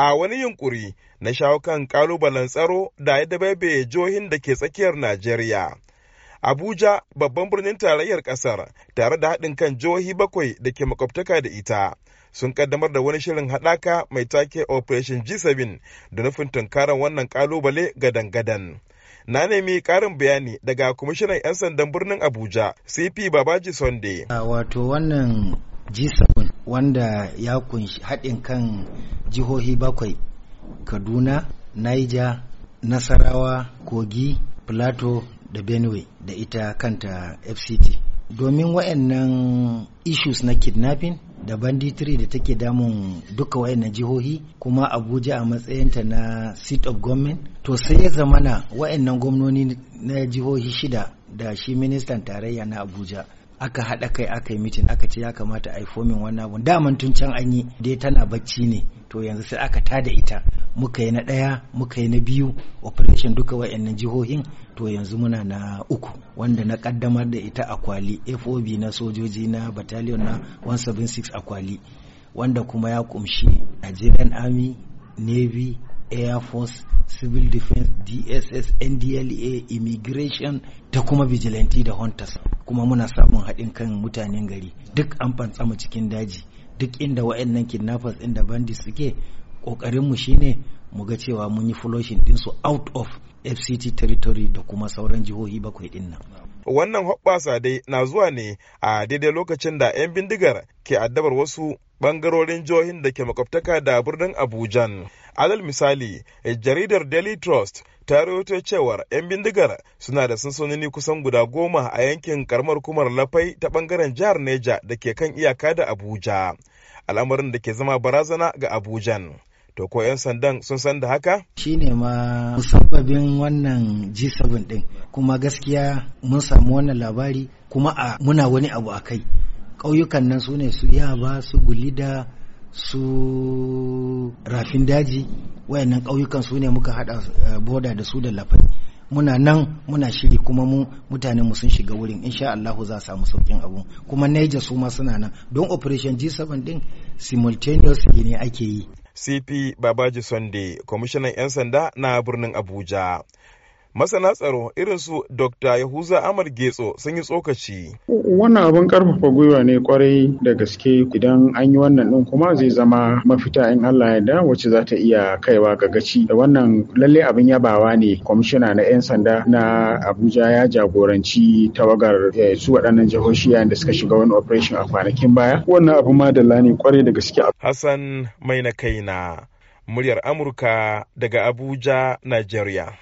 a wani yunkuri na shawo kan kalubalen tsaro da ya dabaibaye jihohin da ke tsakiyar Najeriya. Abuja babban birnin tarayyar ƙasar tare da haɗin kan jihohi bakwai da ke makwabtaka da ita sun kaddamar da wani shirin haɗaka mai take Operation G7 da nufin tunkarar wannan kalubale gadan-gadan. na nemi ƙarin bayani daga kwamishinan 'yan sandan birnin abuja cp babaji sunday wato wannan G7 wanda ya kunshi haɗin kan jihohi bakwai Kaduna, Niger, Nasarawa, Kogi, Plateau da Benue da ita kanta FCT. Domin waɗannan issues na kidnapping da banditry da take damun duka wayannan jihohi kuma abuja a matsayinta na seat of government to sai ya zamana wayannan gwamnoni na jihohi shida da shi ministan tarayya na abuja aka haɗa kai aka yi mitin aka ce ya kamata a yi fomin wannan abun daman tun can an yi dai tana bacci ne to yanzu sai aka tada ita muka yi na ɗaya muka yi na biyu operation duka wa'annan jihohin to yanzu muna na uku wanda na kaddamar da ita a kwali fob na sojoji na battalion na 176 a kwali wanda kuma ya kumshi nigerian army navy air force civil defense dss ndla immigration ta kuma vigilante da hunters kuma muna samun haɗin kan mutanen gari duk an fantsama cikin daji duk inda wa'annan kidnappers inda bandits suke ƙoƙarinmu shine mu ga cewa mun yi flushing su out of fct territory da kuma sauran jihohi bakwai ɗin nan wannan hoɓɓasa dai na zuwa ne a daidai lokacin da 'yan bindigar ke addabar wasu bangarorin jihohin da ke makwabtaka da birnin abujan alal misali eh, jaridar daily trust ta rahoto cewar 'yan bindigar suna da sansanoni kusan guda goma a yankin karamar kumar lafai ta bangaren jihar neja da ke kan iyaka da abuja al'amarin da ke zama barazana ga abujan to ko 'yan sandan sun san da haka? shi ne ma musabbabin wannan g7 din kuma gaskiya mun samu wannan labari kuma a muna wani abu a kai ƙauyukan nan su ne su yaba su gulida su rafin daji wayannan ƙauyukan su ne muka haɗa eh, boda da su da lafai muna nan muna shiri kuma mu mutane mu sun shiga wurin insha Allahu za samu saukin abu kuma Niger su ma suna nan don operation G7 din simultaneous ne ake yi CP Babaji Sunday kwamishinan 'yan sanda na birnin Abuja masana tsaro irin su dr yahuza amar getso sun yi tsokaci wannan abin karfafa gwiwa ne kwarai da gaske idan an yi wannan din kuma zai zama mafita in allah ya da wacce za ta iya kaiwa ga gaci da wannan lalle abin yabawa ne kwamishina na 'yan sanda na abuja ya jagoranci tawagar eh, su waɗannan jihohi yayin da suka shiga wani operation a kwanakin baya wannan abu madalla ne kwarai da gaske hassan mai na kaina muryar amurka daga abuja nigeria